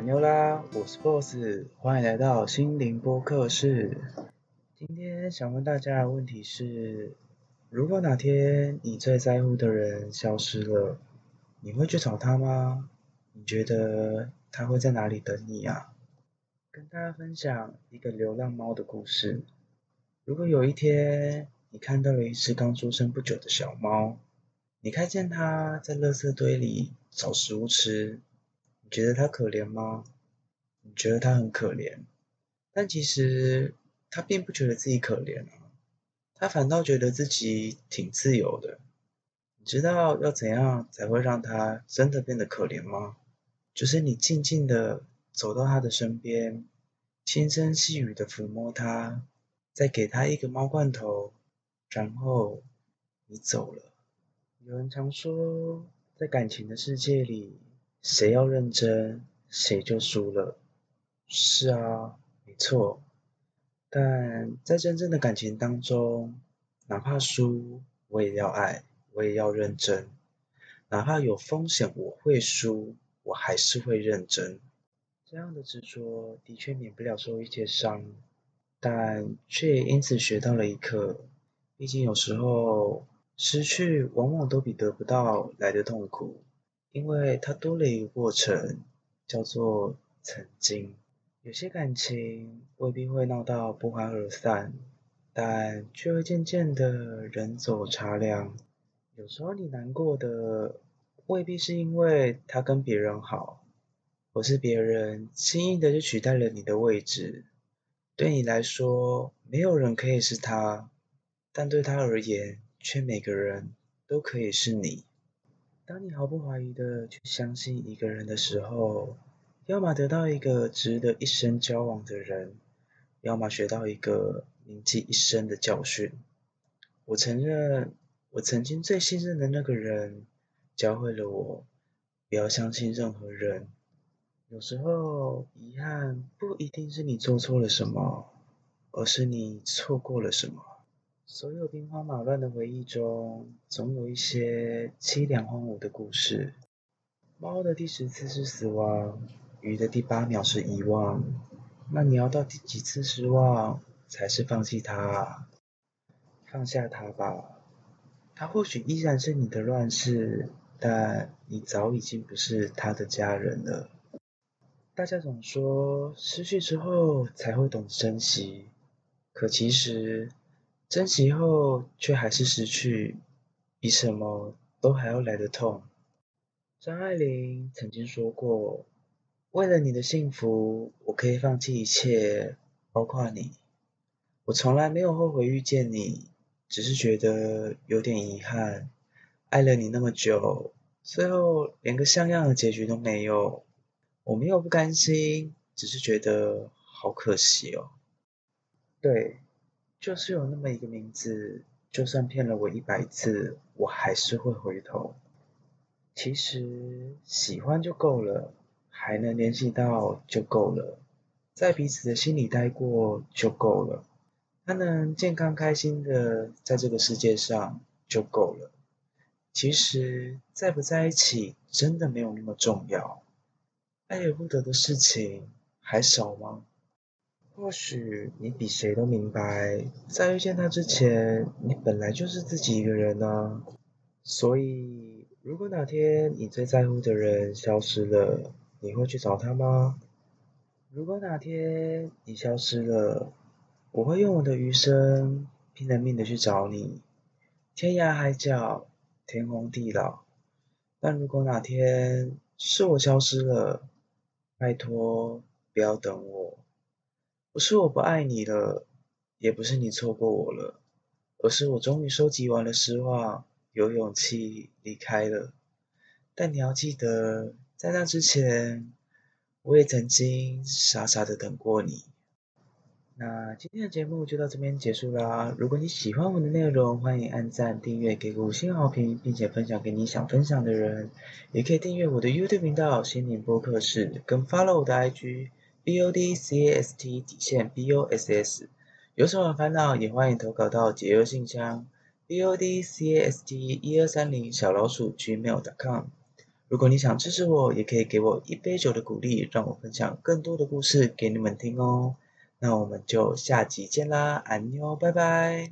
朋友啦，我是 boss，歡迎來到心靈播客室。今天想問大家的問題是：如果哪天你最在乎的人消失了，你會去找他嗎？你覺得他會在哪裡等你啊？跟大家分享一個流浪貓的故事。如果有一天你看到了一隻剛出生不久的小貓，你看見它在垃圾堆裡找食物吃。你覺得他可憐嗎？你覺得他很可憐，但其實他並不覺得自己可憐啊，他反倒覺得自己挺自由的。你知道要怎樣才會讓他真的變得可憐嗎？就是你靜靜的走到他的身邊，輕聲細語的撫摸他，再給他一個貓罐頭，然後你走了。有人常說，在感情的世界裡，誰要認真，誰就輸了。是啊，沒錯。但在真正的感情當中，哪怕輸，我也要愛，我也要認真。哪怕有風險，我會輸，我還是會認真。這樣的執着，的確免不了受一些傷，但卻也因此學到了一課。畢竟有時候，失去往往都比得不到來得痛苦。因為他多了一個過程，叫做曾經。有些感情未必會鬧到不歡而散，但卻會漸漸的人走茶涼。有時候你難過的，未必是因為他跟別人好，或是別人輕易的就取代了你的位置。對你來說，沒有人可以是他，但對他而言，卻每個人都可以是你。當你毫不懷疑的去相信一個人的時候，要麼得到一個值得一生交往的人，要麼學到一個銘記一生的教訓。我承認，我曾經最信任的那個人，教會了我不要相信任何人。有時候，遺憾不一定是你做錯了什麼，而是你錯過了什麼。所有兵荒馬亂的回憶中，總有一些淒涼荒蕪的故事。貓的第十次是死亡，魚的第八秒是遺忘。那你要到第幾次失望，才是放棄它？放下它吧，它或許依然是你的亂世，但你早已經不是它的家人了。大家總說失去之後才會懂得珍惜，可其實。珍惜後卻還是失去，比什麼都還要來得痛。張愛玲曾經說過：“為了你的幸福，我可以放棄一切，包括你。”我從來沒有後悔遇見你，只是覺得有點遺憾。愛了你那麼久，最後連個像樣的結局都沒有，我沒有不甘心，只是覺得好可惜哦。對。就是有那麼一個名字，就算騙了我一百次，我還是會回頭。其實喜歡就夠了，還能聯繫到就夠了，在彼此的心裡待過就夠了，他能健康開心的在這個世界上就夠了。其實，在不在一起真的沒有那麼重要，愛而不得的事情還少嗎？或許你比誰都明白，在遇見他之前，你本來就是自己一個人呢、啊。所以，如果哪天你最在乎的人消失了，你會去找他嗎？如果哪天你消失了，我會用我的餘生拼了命的去找你，天涯海角，天荒地老。但如果哪天是我消失了，拜託不要等我。不是我不愛你了，也不是你錯過我了，而是我終於收集完了失望，有勇氣離開了。但你要記得，在那之前，我也曾經傻傻的等過你。那今天的節目就到這邊結束啦。如果你喜歡我的內容，歡迎按讚、訂閱，給個五星好評，並且分享給你想分享的人。也可以訂閱我的 YouTube 頻道“心靈播客室”，跟 Follow 我的 IG。B O D C A S T 底線 B O S S，有什麼煩惱，也歡迎投稿到解憂信箱 B O D C A S T 一二三零小老鼠 Gmail. dot com。如果你想支持我，也可以給我一杯酒的鼓勵，讓我分享更多的故事給你們聽哦。那我們就下集見啦，愛你哦，拜拜。